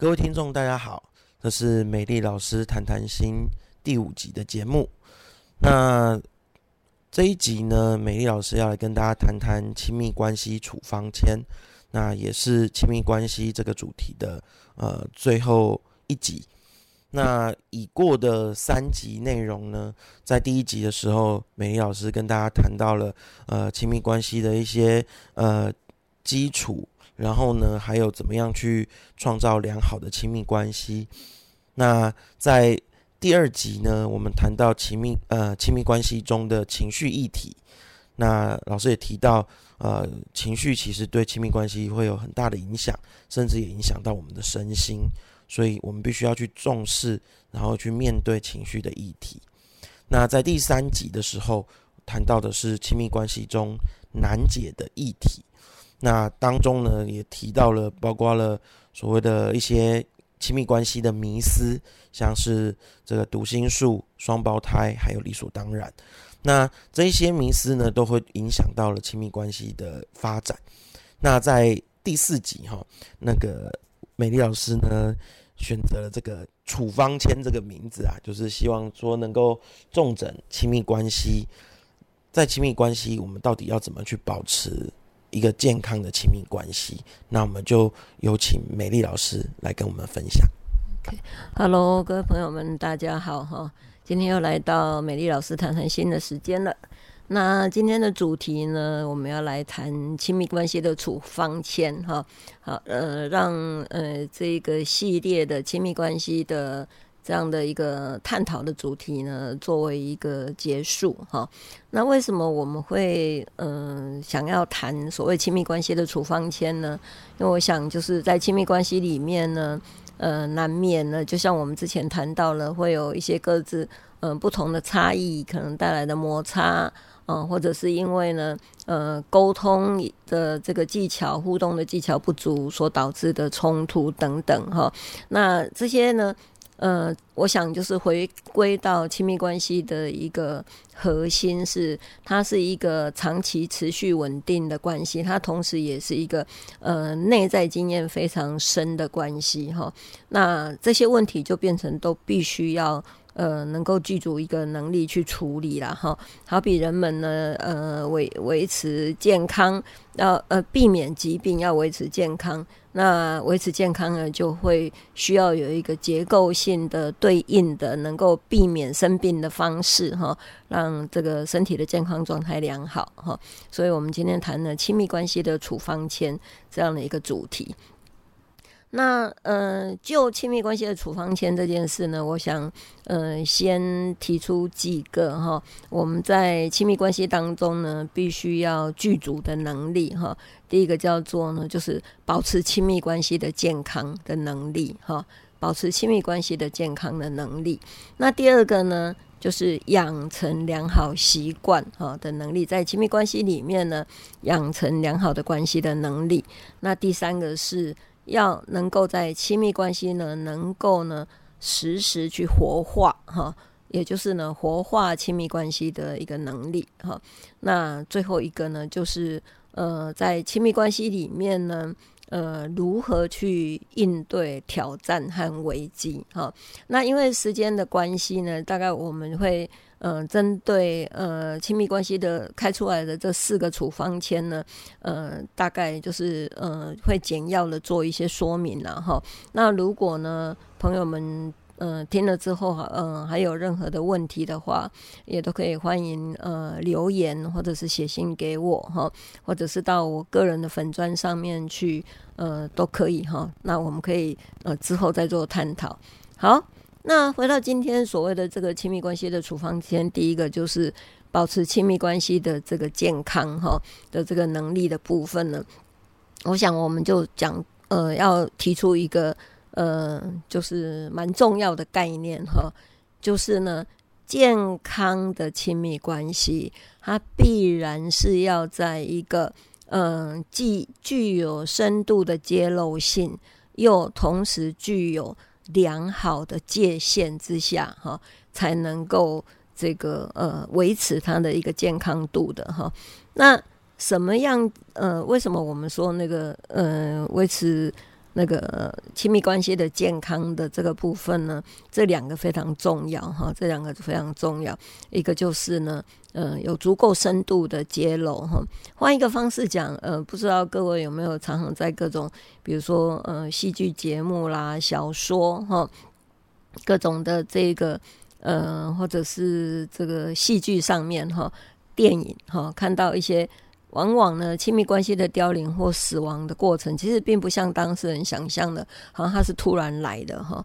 各位聽眾，大家好，這是美麗老師談談心第五集的節目。那這一集呢，美麗老師要來跟大家談談親密關係處方箋，那也是親密關係這個主題的呃最後一集。那已過的三集內容呢，在第一集的時候，美麗老師跟大家談到了呃親密關係的一些呃基礎。然後呢，還有怎麼樣去創造良好的親密關係。那在第二集呢，我們談到親密，呃，親密關係中的情緒議題。那老師也提到，呃，情緒其實對親密關係會有很大的影響，甚至也影響到我們的身心。所以我們必須要去重視，然後去面對情緒的議題。那在第三集的時候，談到的是親密關係中難解的議題。那當中呢，也提到了，包括了所謂的一些親密關係的迷思，像是這個讀心術、雙胞胎，還有理所當然。那這些迷思呢，都會影響到了親密關係的發展。那在第四集哈、哦，那個美麗老師呢，選擇了這個處方箋這個名字啊，就是希望說能夠重整親密關係，在親密關係我們到底要怎麼去保持？一個健康的親密關係，那我們就有請美麗老師來跟我們分享。Okay. Hello, 各位朋友們，大家好哈！今天又來到美麗老師談談心的時間了。那今天的主題呢，我們要來談親密關係的處方箋哈。好，呃，讓呃這個系列的親密關係的。這樣的一個探討的主題呢，作為一個結束哈。那為什麼我們會嗯、呃、想要談所謂親密關係的處方箋呢？因為我想就是在親密關係裡面呢，呃，難免呢，就像我們之前談到了，會有一些各自嗯、呃、不同的差異，可能帶來的摩擦，嗯、呃，或者是因為呢，呃，溝通的這個技巧、互動的技巧不足所導致的衝突等等哈。那這些呢？呃，我想就是回歸到親密關係的一個核心是，它是一個長期持續穩定的關係，它同時也是一個呃內在經驗非常深的關係哈。那這些問題就變成都必須要。呃，能夠具足一個能力去處理了哈，好比人們呢，呃維維持健康，要呃避免疾病，要維持健康，那維持健康呢，就會需要有一個結構性的、對應的能夠避免生病的方式哈，讓這個身體的健康狀態良好哈。所以我們今天談了親密關係的處方箋這樣的一個主題。那呃，就親密關係的處方箋這件事呢，我想呃，先提出幾個哈，我們在親密關係當中呢，必須要具足的能力哈。第一個叫做呢，就是保持親密關係的健康的能力哈，保持親密關係的健康的能力。那第二個呢，就是養成良好習慣哈的能力，在親密關係裡面呢，養成良好的關係的能力。那第三個是。要能夠在親密關係呢，能夠呢實時去活化哈、哦，也就是呢活化親密關係的一個能力哈、哦。那最後一個呢，就是呃，在親密關係裡面呢，呃，如何去應對挑戰和危機哈、哦。那因為時間的關係呢，大概我們會。呃，針對呃親密關係的開出來的這四個處方箋呢，呃，大概就是呃會簡要的做一些說明了哈。那如果呢朋友們嗯、呃、聽了之後哈，嗯、呃、還有任何的問題的話，也都可以歡迎呃留言或者是寫信給我哈，或者是到我個人的粉專上面去呃都可以哈。那我們可以呃之後再做探討，好。那回到今天所謂的這個親密關係的處方箋，第一個就是保持親密關係的這個健康哈的這個能力的部分呢，我想我們就講呃要提出一個呃就是蠻重要的概念哈、呃，就是呢健康的親密關係，它必然是要在一個嗯、呃、既具有深度的揭露性，又同時具有良好的界限之下，哈、哦，才能夠這個呃維持它的一個健康度的哈、哦。那什麼樣呃，為什麼我們說那個呃維持？那個親密關係的健康的這個部分呢，這兩個非常重要哈，這兩個非常重要。一個就是呢，呃，有足夠深度的揭露哈。換一個方式講，呃，不知道各位有沒有常常在各種，比如說呃，戲劇節目啦、小說哈，各種的這個呃，或者是這個戲劇上面哈、電影哈，看到一些。往往呢，親密關係的凋零或死亡的過程，其實並不像當事人想象的，好像它是突然來的哈、哦。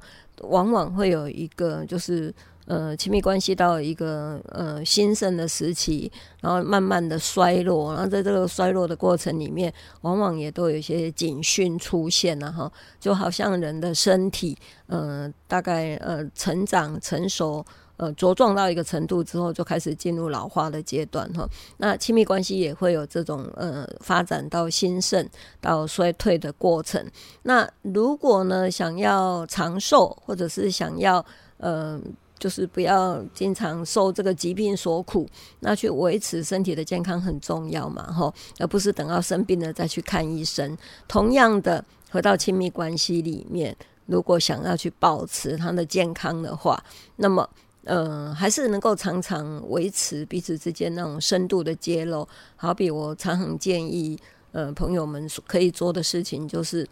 往往會有一個，就是呃，親密關係到一個呃興盛的時期，然後慢慢的衰落，然後在這個衰落的過程裡面，往往也都有一些警訊出現了、啊、哈、哦，就好像人的身體，呃，大概呃成長成熟。呃，茁壯到一個程度之後，就開始進入老化的階段，哈、哦。那親密關係也會有這種呃發展到興盛到衰退的過程。那如果呢，想要長壽，或者是想要呃，就是不要經常受這個疾病所苦，那去維持身體的健康很重要嘛，哈、哦。而不是等到生病了再去看醫生。同樣的，回到親密關係裡面，如果想要去保持它的健康的話，那麼。嗯、呃，還是能夠常常維持彼此之間那種深度的揭露。好比我常常建議，呃，朋友們可以做的事情就是，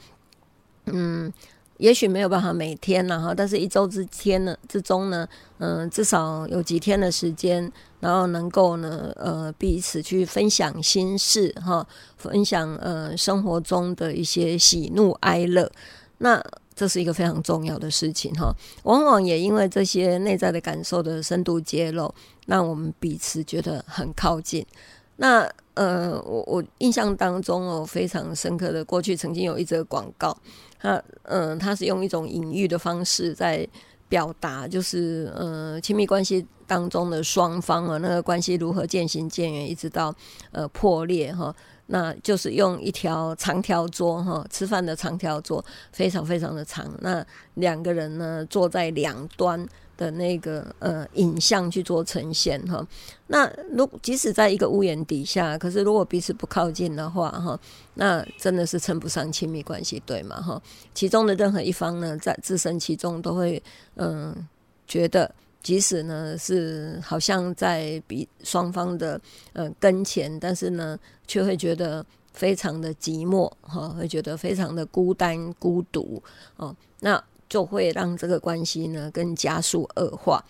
嗯，也許沒有辦法每天，然後，但是一周之天呢之中呢，嗯、呃，至少有幾天的時間，然後能夠呢，呃，彼此去分享心事，哈，分享呃生活中的一些喜怒哀樂，那。這是一個非常重要的事情哈，往往也因為這些內在的感受的深度揭露，讓我們彼此覺得很靠近。那呃，我我印象當中哦，非常深刻的過去曾經有一則廣告，它嗯、呃，它是用一種隱喻的方式在表達，就是呃，親密關係當中的雙方啊，那個關係如何漸行漸遠，一直到呃破裂哈。呃那就是用一條長條桌哈，吃飯的長條桌非常非常的長。那兩個人呢，坐在兩端的那個呃影像去做呈現哈。那如即使在一個屋檐底下，可是如果彼此不靠近的話哈，那真的是稱不上親密關係對嗎哈？其中的任何一方呢，在自身其中都會嗯、呃、覺得。即使呢是好像在比雙方的呃跟前，但是呢卻會覺得非常的寂寞哈、哦，會覺得非常的孤單孤獨哦，那就會讓這個關係呢更加速惡化。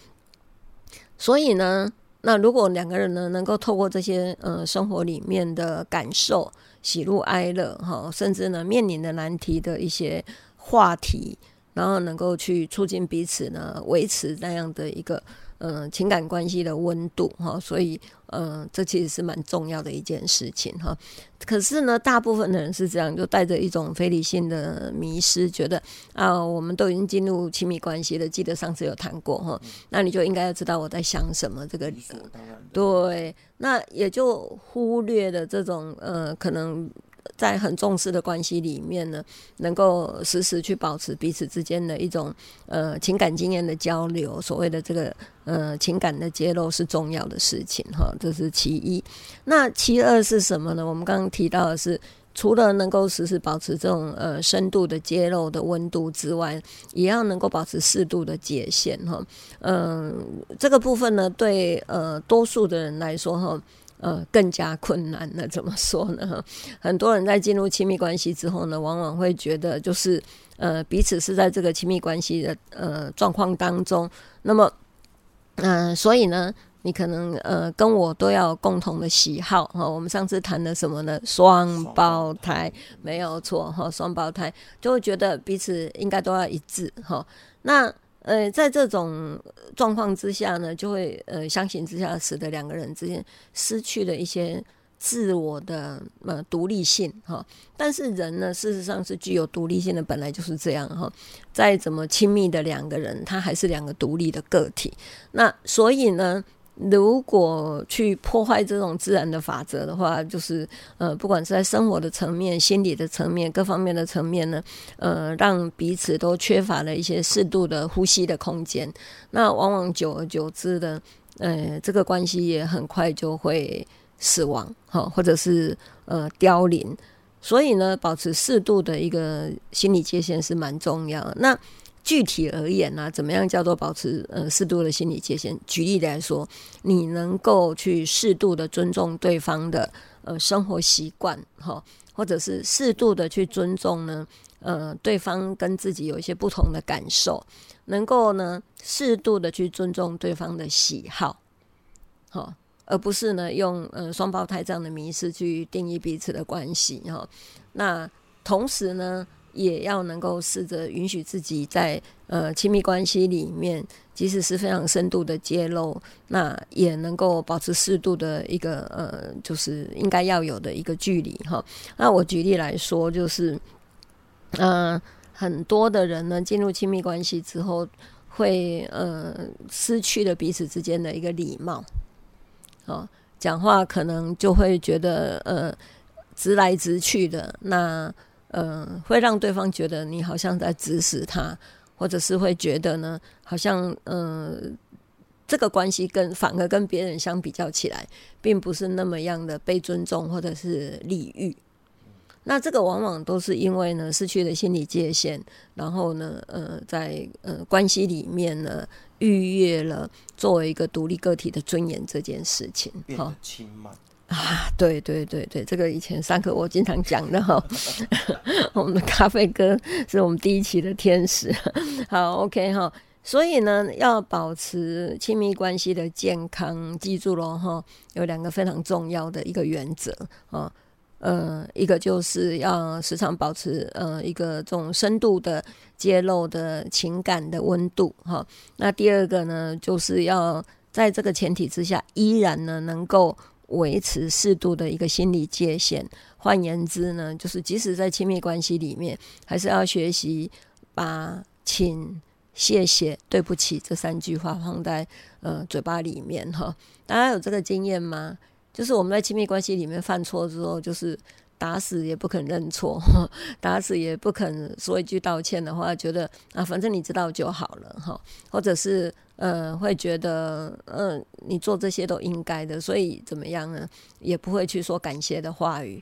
所以呢，那如果兩個人呢能夠透過這些呃生活裡面的感受、喜怒哀樂哈、哦，甚至呢面臨的難題的一些話題。然後能夠去促進彼此呢，維持那樣的一個嗯、呃、情感關係的溫度哈、哦，所以嗯、呃，這其實是蠻重要的一件事情哈、哦。可是呢，大部分的人是這樣，就帶着一種非理性的迷思，覺得啊，我們都已經進入親密關係了，記得上次有談過哈、哦，那你就應該要知道我在想什麼這個、嗯對，對，那也就忽略了這種呃可能。在很重視的關係裡面呢，能夠時時去保持彼此之間的一種呃情感經驗的交流，所謂的這個呃情感的揭露是重要的事情哈，這是其一。那其二是什麼呢？我們剛剛提到的是，除了能夠時時保持這種呃深度的揭露的溫度之外，也要能夠保持適度的界限哈。嗯、呃，這個部分呢，對呃多數的人來說哈。呃，更加困難了。怎麼說呢？很多人在進入親密關係之後呢，往往會覺得就是呃，彼此是在這個親密關係的呃狀況當中。那麼，嗯、呃，所以呢，你可能呃跟我都要共同的喜好哈。我們上次談的什麼呢？雙胞胎沒有錯哈，雙胞胎就會覺得彼此應該都要一致哈。那。呃，在這種狀況之下呢，就會呃，相形之下，使得兩個人之間失去了一些自我的呃獨立性哈。但是人呢，事實上是具有獨立性的，本來就是這樣哈。再怎麼親密的兩個人，他還是兩個獨立的個體。那所以呢，如果去破壞這種自然的法則的話，就是呃，不管是在生活的層面、心理的層面、各方面的層面呢，呃，讓彼此都缺乏了一些適度的呼吸的空間，那往往久而久之的，呃，這個關係也很快就會死亡哈，或者是呃凋零。所以呢，保持適度的一個心理界限是蠻重要的。那。具體而言呢、啊，怎麼樣叫做保持呃適度的心理界限？舉例來說，你能夠去適度的尊重對方的呃生活習慣，哈、哦，或者是適度的去尊重呢呃對方跟自己有一些不同的感受，能夠呢適度的去尊重對方的喜好，好、哦，而不是呢用呃雙胞胎這樣的迷思去定義彼此的關係哈、哦。那同時呢，也要能夠試着允許自己在呃親密關係裡面，即使是非常深度的揭露，那也能夠保持適度的一個呃，就是應該要有的一個距離哈。那我舉例來說，就是嗯、呃，很多的人呢進入親密關係之後，會呃失去了彼此之間的一個禮貌，啊，講話可能就會覺得呃直來直去的那。呃，會讓對方覺得你好像在指使他，或者是會覺得呢，好像呃，這個關係跟反而跟別人相比較起來，並不是那麼樣的被尊重或者是禮遇。那這個往往都是因為呢，失去了心理界限，然後呢，呃，在呃關係裡面呢，逾越了作為一個獨立個體的尊嚴這件事情，變啊，對對對對，這個以前上課我經常講的哈， 我們的咖啡哥是我們第一期的天使，好 OK 哈，所以呢，要保持親密關係的健康，記住了哈，有兩個非常重要的一個原則啊，呃，一個就是要時常保持呃一個這種深度的揭露的情感的溫度哈，那第二個呢，就是要在這個前提之下，依然呢能夠。維持適度的一個心理界限，換言之呢，就是即使在親密關係裡面，還是要學習把“請”“謝謝”“對不起”這三句話放在呃嘴巴裡面哈。大家有這個經驗嗎？就是我們在親密關係裡面犯錯之後，就是打死也不肯認錯，打死也不肯說一句道歉的話，覺得啊，反正你知道就好了哈，或者是。嗯、呃，會覺得嗯、呃，你做這些都應該的，所以怎麼樣呢？也不會去說感謝的話語，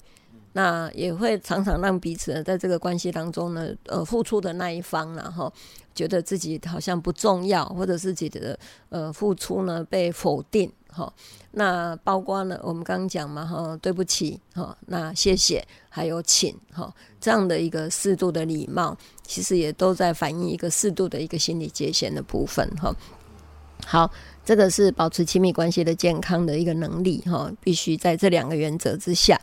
那也會常常讓彼此在這個關係當中呢，呃，付出的那一方然後覺得自己好像不重要，或者自己的呃付出呢被否定哈。那包括呢，我們剛剛講嘛哈，對不起哈，那謝謝還有請哈這樣的一個適度的禮貌，其實也都在反映一個適度的一個心理界限的部分哈。好，這個是保持親密關係的健康的一個能力哈、哦，必須在這兩個原則之下。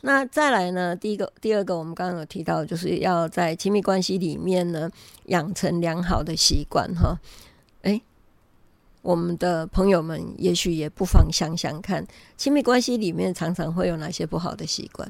那再來呢，第一個、第二個，我們剛剛有提到，就是要在親密關係裡面呢，養成良好的習慣哈、哦。誒，我們的朋友們也許也不妨想想看，親密關係裡面常常會有哪些不好的習慣？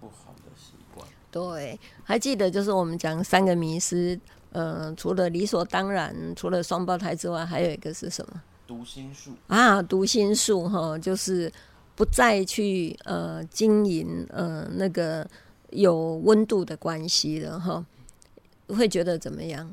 不好的習慣。對，還記得就是我們講三個迷思。嗯、呃，除了理所當然，除了雙胞胎之外，還有一個是什麼？讀心術啊！讀心術哈，就是不再去呃經營呃那個有溫度的關係了哈、嗯。會覺得怎麼樣？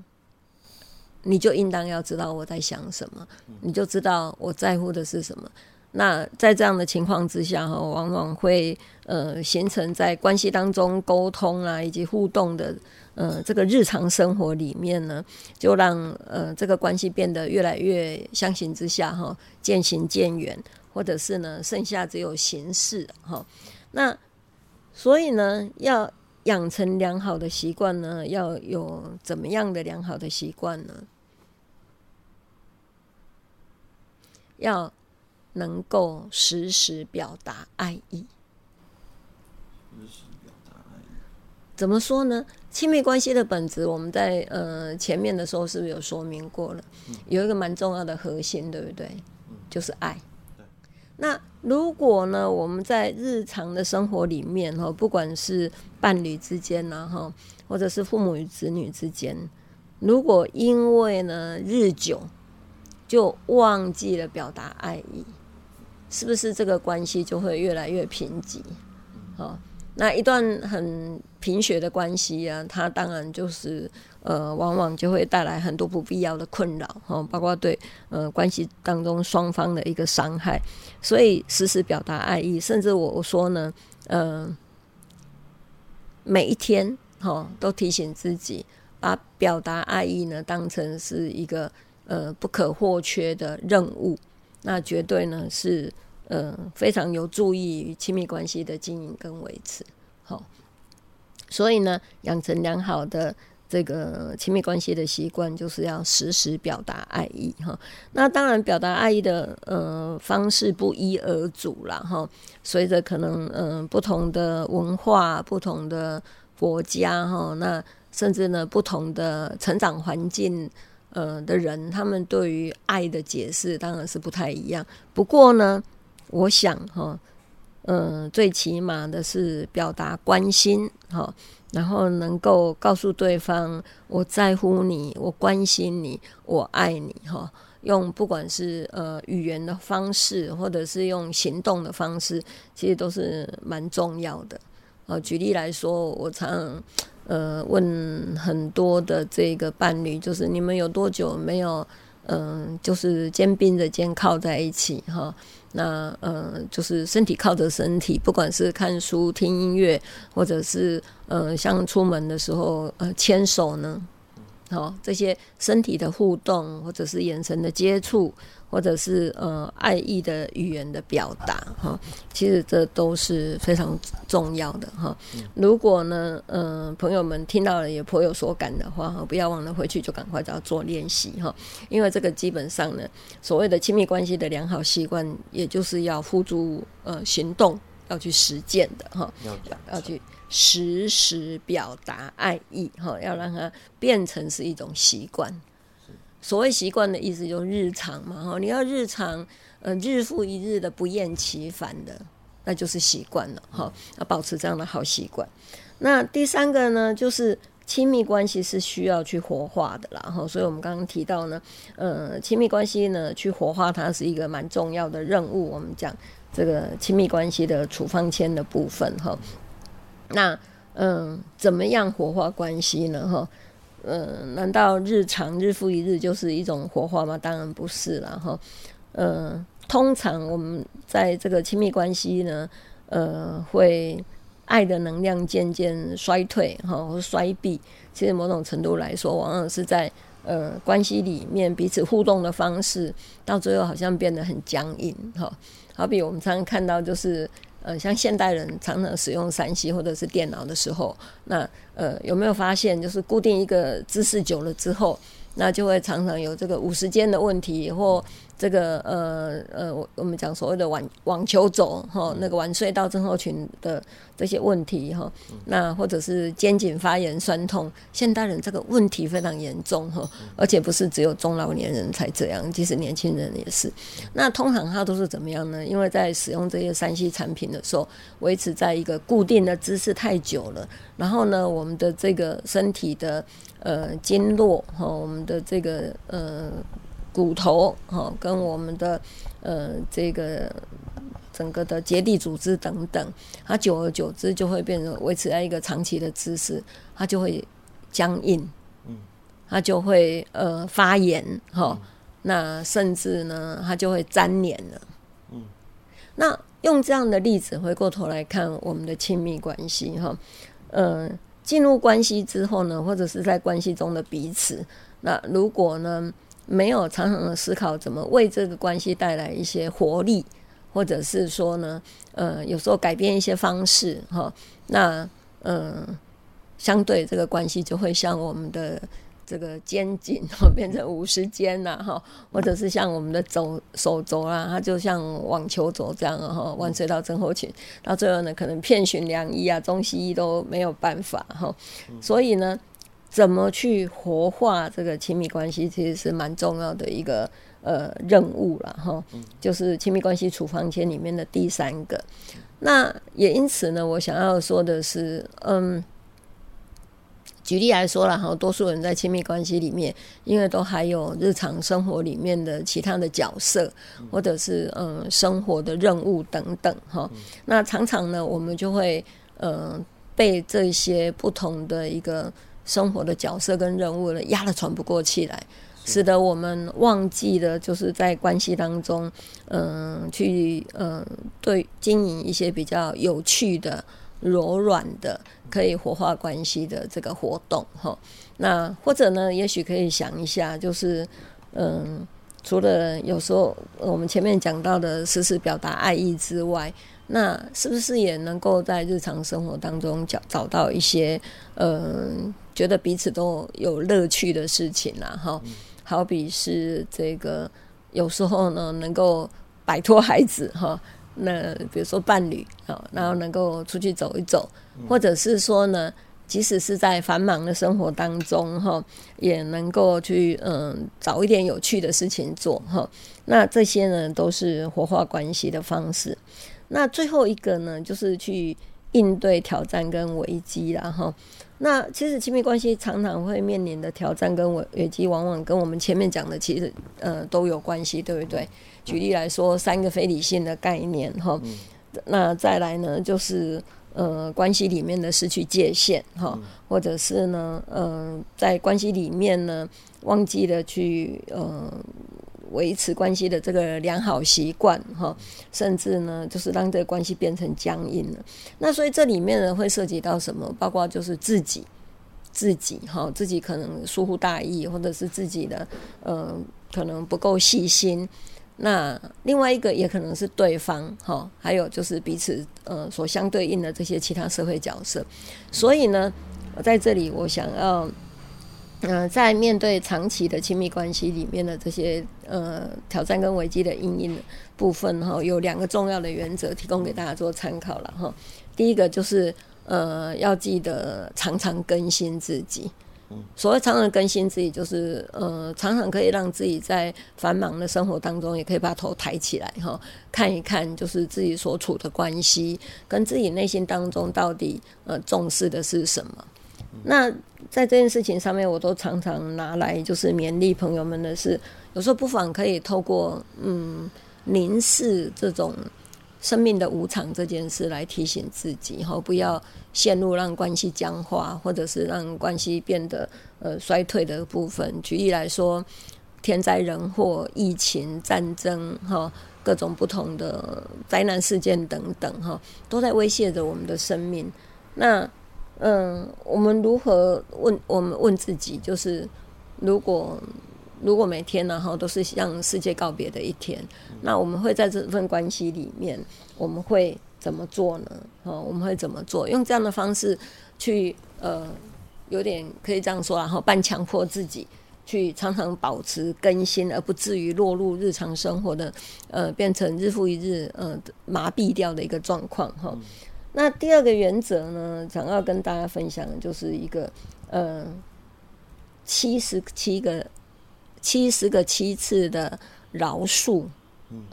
你就應當要知道我在想什麼，嗯、你就知道我在乎的是什麼。那在這樣的情況之下哈，往往會呃形成在關係當中溝通啊，以及互動的呃這個日常生活裡面呢，就讓呃這個關係變得越來越相形之下哈，漸行漸遠、哦，或者是呢剩下只有形式哈、哦。那所以呢，要養成良好的習慣呢，要有怎麼樣的良好的習慣呢？要。能夠實時表達愛意。實時表達愛意。怎麼說呢？親密關係的本質，我們在呃前面的時候是不是有說明過了？有一個蠻重要的核心，對不對？嗯，就是愛。那如果呢，我們在日常的生活裡面哈，不管是伴侶之間吶哈，或者是父母與子女之間，如果因為呢日久就忘記了表達愛意。是不是這個關係就會越來越貧瘠？好，那一段很貧血的關係啊，它當然就是呃，往往就會帶來很多不必要的困擾，哦，包括對呃關係當中雙方的一個傷害。所以時時表達愛意，甚至我說呢，呃，每一天哦、呃，都提醒自己，把表達愛意呢當成是一個呃不可或缺的任務。那絕對呢是呃非常有助於親密關係的經營跟維持，好，所以呢，養成良好的這個親密關係的習慣，就是要時時表達愛意哈。那當然，表達愛意的呃方式不一而足了哈。隨着可能嗯、呃、不同的文化、不同的國家哈，那甚至呢不同的成長環境。呃，的人他們對於愛的解釋當然是不太一樣。不過呢，我想哈，呃，最起碼的是表達關心哈，然後能夠告訴對方我在乎你，我關心你，我愛你哈。用不管是呃語言的方式，或者是用行動的方式，其實都是蠻重要的。啊，呃，舉例來說，我常常。呃，問很多的這個伴侶，就是你們有多久沒有，嗯、呃，就是肩並着肩靠在一起哈？那呃，就是身體靠着身體，不管是看書、聽音樂，或者是呃，像出門的時候呃牽手呢，好，這些身體的互動或者是眼神的接觸。或者是呃愛意的語言的表達哈，其實這都是非常重要的哈。如果呢呃朋友們聽到了也頗有所感的話哈，不要忘了回去就趕快就要做練習哈。因為這個基本上呢，所謂的親密關係的良好習慣，也就是要付諸呃行動要，要去實踐的哈，要去時時表達愛意哈，要讓它變成是一種習慣。所謂習慣的意思就是日常嘛哈，你要日常嗯，日復一日的不厭其煩的，那就是習慣了哈啊，要保持這樣的好習慣。那第三個呢，就是親密關係是需要去活化的啦哈，所以我們剛剛提到呢，呃、嗯，親密關係呢，去活化它是一個蠻重要的任務。我們講這個親密關係的處方箋的部分哈，那嗯，怎麼樣活化關係呢？哈？呃，難道日常日復一日就是一種活化嗎？當然不是啦。哈。呃，通常我們在這個親密關係呢，呃，會愛的能量漸漸衰退哈，或衰敝。其實某種程度來說，往往是在呃關係裡面彼此互動的方式，到最後好像變得很僵硬哈。好比我們常常看到就是。呃，像現代人常常使用三 C 或者是電腦的時候，那呃有沒有發現就是固定一個姿勢久了之後，那就會常常有這個五十肩的問題或。這個呃呃，我們講所謂的網網球肘哈，那個腕隧道症候群的這些問題哈，那或者是肩頸發炎、痠痛，現代人這個問題非常嚴重哈，而且不是只有中老年人才這樣，其實年輕人也是。那通常他都是怎麼樣呢？因為在使用這些三 C 產品的時候，維持在一個固定的姿勢太久了，然後呢，我們的這個身體的呃經絡和我們的這個呃。骨頭、哦、跟我們的呃這個整個的結締組織等等，它久而久之就會變成維持在一個長期的姿勢，它就會僵硬，嗯、它就會呃發炎哈、哦嗯，那甚至呢，它就會粘連了，嗯。那用這樣的例子回過頭來看我們的親密關係哈，嗯、哦呃，進入關係之後呢，或者是在關係中的彼此，那如果呢？沒有常常的思考怎麼為這個關係帶來一些活力，或者是說呢，呃，有時候改變一些方式哈、哦，那嗯、呃，相對這個關係就會像我們的這個肩頸、哦、變成五十肩啦哈，或者是像我們的肘手肘啦、啊，它就像網球肘這樣哈，腕、哦、隧道症候群到最後呢，可能遍尋良醫啊，中西醫都沒有辦法哈、哦，所以呢。怎麼去活化這個親密關係，其實是蠻重要的一個呃任務了哈、嗯。就是親密關係處方箋裡面的第三個。那也因此呢，我想要說的是，嗯，舉例來說啦哈，多數人在親密關係裡面，因為都還有日常生活裡面的其他的角色，或者是嗯生活的任務等等哈、嗯。那常常呢，我們就會呃被這些不同的一個。生活的角色跟任務了，壓得喘不過氣來，使得我們忘記了，就是在關係當中，嗯，去嗯，對，經營一些比較有趣的、柔軟的，可以活化關係的這個活動，哈。那或者呢，也許可以想一下，就是嗯，除了有時候我們前面講到的實時表達愛意之外。那是不是也能夠在日常生活當中找找到一些嗯，覺得彼此都有樂趣的事情啦哈？好比是這個，有時候呢能夠擺脫孩子哈，那比如說伴侶啊，然後能夠出去走一走，或者是說呢，即使是在繁忙的生活當中哈，也能夠去嗯找一點有趣的事情做哈。那這些呢都是活化關係的方式。那最後一個呢，就是去應對挑戰跟危機了哈。那其實親密關係常常會面臨的挑戰跟危危機，往往跟我們前面講的其實呃都有關係，對不對？舉例來說，三個非理性的概念哈、嗯。那再來呢，就是呃關係裡面的失去界限哈、嗯，或者是呢呃在關係裡面呢忘記了去呃。維持關係的這個良好習慣，哈，甚至呢，就是讓這個關係變成僵硬了。那所以這裡面呢，會涉及到什麼？包括就是自己，自己哈，自己可能疏忽大意，或者是自己的呃，可能不夠細心。那另外一個也可能是對方哈，還有就是彼此呃，所相對應的這些其他社會角色。所以呢，在這裡我想要。嗯、呃，在面對長期的親密關係裡面的這些呃挑戰跟危機的因應的部分哈，有兩個重要的原則提供給大家做參考了哈。第一個就是呃，要記得常常更新自己。嗯，所謂常常更新自己，就是呃，常常可以讓自己在繁忙的生活當中，也可以把頭抬起來哈，看一看就是自己所處的關係跟自己內心當中到底呃重視的是什麼。那在這件事情上面，我都常常拿來就是勉勵朋友們的事，有時候不妨可以透過嗯凝視這種生命的無常這件事來提醒自己，然後不要陷入讓關係僵化，或者是讓關係變得呃衰退的部分。舉例來說，天災人禍、疫情、戰爭，哈，各種不同的災難事件等等，哈，都在威脅着我們的生命。那。嗯，我們如何問我們問自己，就是如果如果每天然後都是向世界告別的一天，那我們會在這份關係裡面，我們會怎麼做呢？哦，我們會怎麼做？用這樣的方式去呃，有點可以這樣說，然後半強迫自己去常常保持更新，而不至於落入日常生活的呃，變成日復一日呃麻痹掉的一個狀況哈。哦那第二個原則呢，想要跟大家分享的就是一個，呃，七十七個，七十個七次的饒恕，嗯，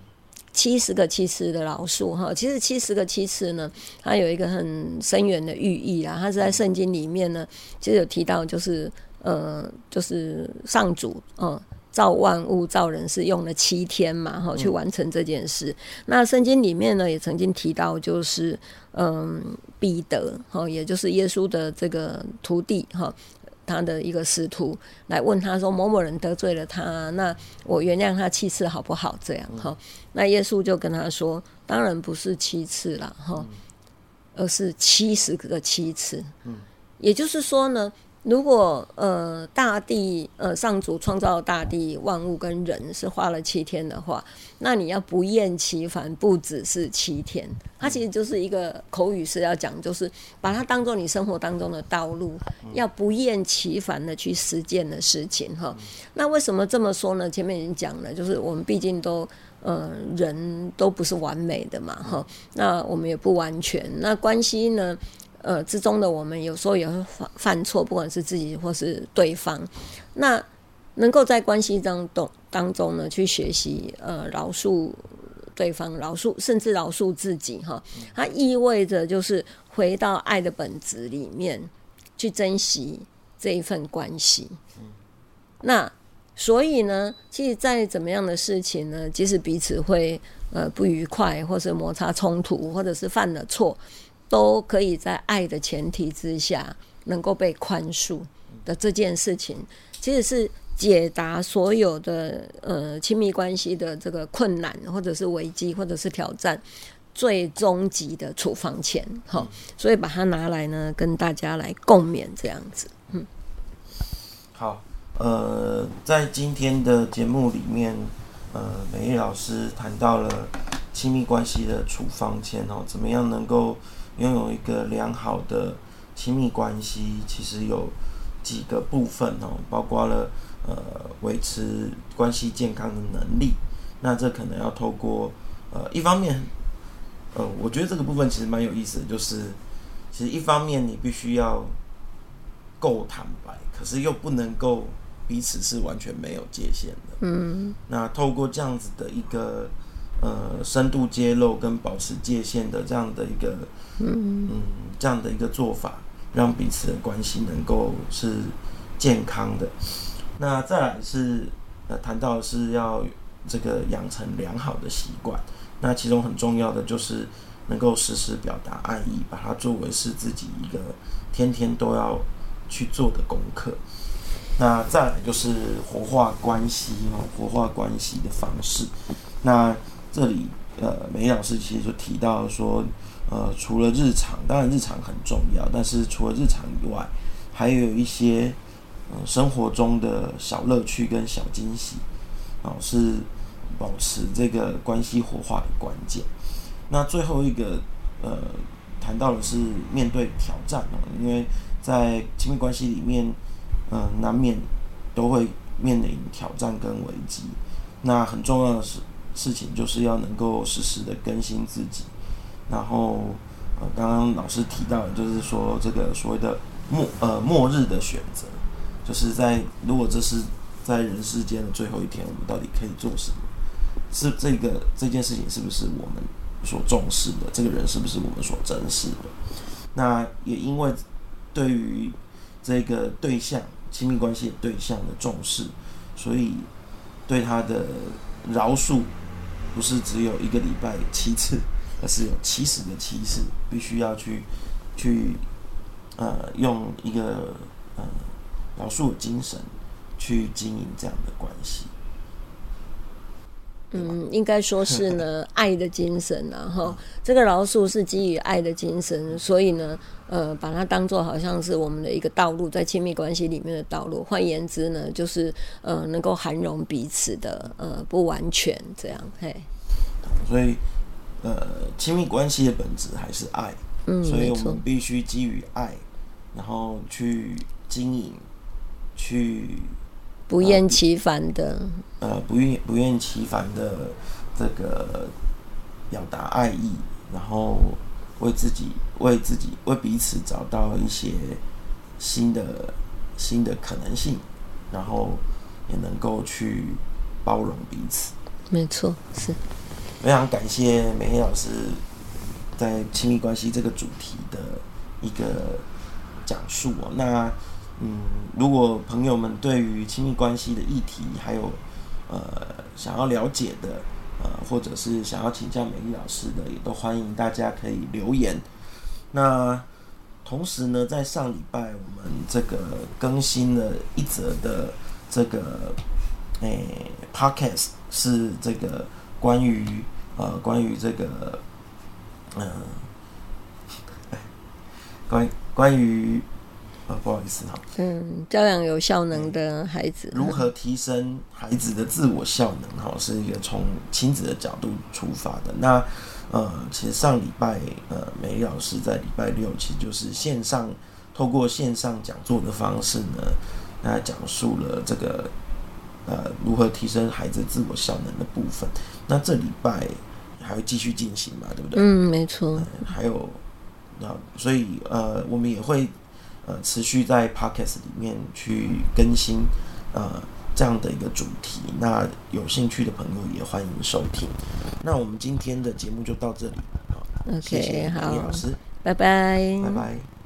七十個七次的饒恕哈。其實七十個七次呢，它有一個很深遠的寓意啊。它是在聖經裡面呢，其實有提到，就是呃，就是上主，呃造萬物、造人是用了七天嘛？哈，去完成這件事。嗯、那聖經裡面呢，也曾經提到，就是嗯，彼得哈，也就是耶穌的這個徒弟哈，他的一個師徒來問他說：“某某人得罪了他，那我原諒他七次好不好？”這樣哈、嗯，那耶穌就跟他說：“當然不是七次了哈，而是七十個七次。”嗯，也就是說呢。如果呃大地呃上主創造大地萬物跟人是花了七天的話，那你要不厭其煩，不只是七天，它其實就是一個口語式要講，就是把它當做你生活當中的道路，要不厭其煩的去實踐的事情哈。那為什麼這麼說呢？前面已經講了，就是我們畢竟都呃人都不是完美的嘛哈，那我們也不完全，那關係呢？呃，之中的我們有時候也會犯犯錯，不管是自己或是對方。那能夠在關係當中當中呢，去學習呃饒恕對方，饒恕甚至饒恕自己哈。它意味着就是回到愛的本質裡面，去珍惜這一份關係。那所以呢，其實再怎麼樣的事情呢，即使彼此會呃不愉快，或是摩擦衝突，或者是犯了錯。都可以在愛的前提之下，能夠被寬恕的這件事情，其實是解答所有的呃親密關係的這個困難，或者是危機，或者是挑戰最終極的處方箋哈，所以把它拿來呢，跟大家來共勉這樣子。嗯，好，呃，在今天的節目裡面，呃，美麗老師談到了親密關係的處方箋哦、呃，怎麼樣能夠。擁有一個良好的親密關係，其實有幾個部分哦，包括了呃維持關係健康的能力。那這可能要透過呃一方面，呃我覺得這個部分其實蠻有意思，就是其實一方面你必須要夠坦白，可是又不能夠彼此是完全沒有界限的。嗯，那透過這樣子的一個。呃，深度揭露跟保持界限的這樣的一個，嗯，嗯這樣的一個做法，讓彼此的關係能夠是健康的。那再來是，呃，談到的是要這個養成良好的習慣，那其中很重要的就是能夠時時表達愛意，把它作為是自己一個天天都要去做的功課。那再來就是活化關係嘛，活化關係的方式，那。這裡呃，美老師其實就提到說，呃，除了日常，當然日常很重要，但是除了日常以外，還有一些、呃、生活中的小樂趣跟小驚喜，哦、呃，是保持這個關係活化的關鍵。那最後一個呃談到的是面對挑戰哦、呃，因為在親密關係裡面，嗯、呃，難免都會面臨挑戰跟危機。那很重要的是。事情就是要能夠實時的更新自己，然後呃，剛剛老師提到，就是說這個所謂的末呃末日的選擇，就是在如果這是在人世間的最後一天，我們到底可以做什麼？是這個這件事情是不是我們所重視的？這個人是不是我們所珍視的？那也因為對於這個對象親密關係對象的重視，所以對他的饒恕。不是只有一個禮拜七次，而是有七十個七次，必須要去，去，呃，用一個，呃，饒恕精神去經營這樣的關係。嗯，應該說是呢， 愛的精神、啊，然後這個饒恕是基於愛的精神，所以呢，呃，把它當做好像是我們的一個道路，在親密關係裡面的道路。換言之呢，就是呃，能夠涵容彼此的呃不完全，這樣嘿、嗯。所以，呃，親密關係的本質還是愛。嗯，所以我們必須基於愛，然後去經營，去。不厭其煩的呃，呃，不厭不厭其煩的這個表達愛意，然後為自己、為自己、為彼此找到一些新的新的可能性，然後也能夠去包容彼此。沒錯，是非常感謝美麗老師在親密關係這個主題的一個講述哦、喔。那。嗯，如果朋友們對於親密關係的議題，還有呃想要了解的，呃，或者是想要請教美麗老師的，也都歡迎大家可以留言。那同時呢，在上禮拜我們這個更新了一則的這個誒、欸、Podcast 是這個關於呃關於這個嗯、呃、關關於。不好意思哈。嗯，教養有效能的孩子，嗯，如何提升孩子的自我效能？哈，是一個從親子的角度出發的。那呃，其實上禮拜呃，美麗老師在禮拜六其實就是線上，透過線上講座的方式呢，那講述了這個呃如何提升孩子自我效能的部分。那這禮拜還會繼續進行嘛？對不對？嗯，沒錯，嗯。還有，那所以呃，我們也會。呃、持續在 Podcast 裡面去更新呃這樣的一個主題，那有興趣的朋友也歡迎收聽。那我們今天的節目就到這裡，好，okay, 謝謝李老師，拜拜，拜拜。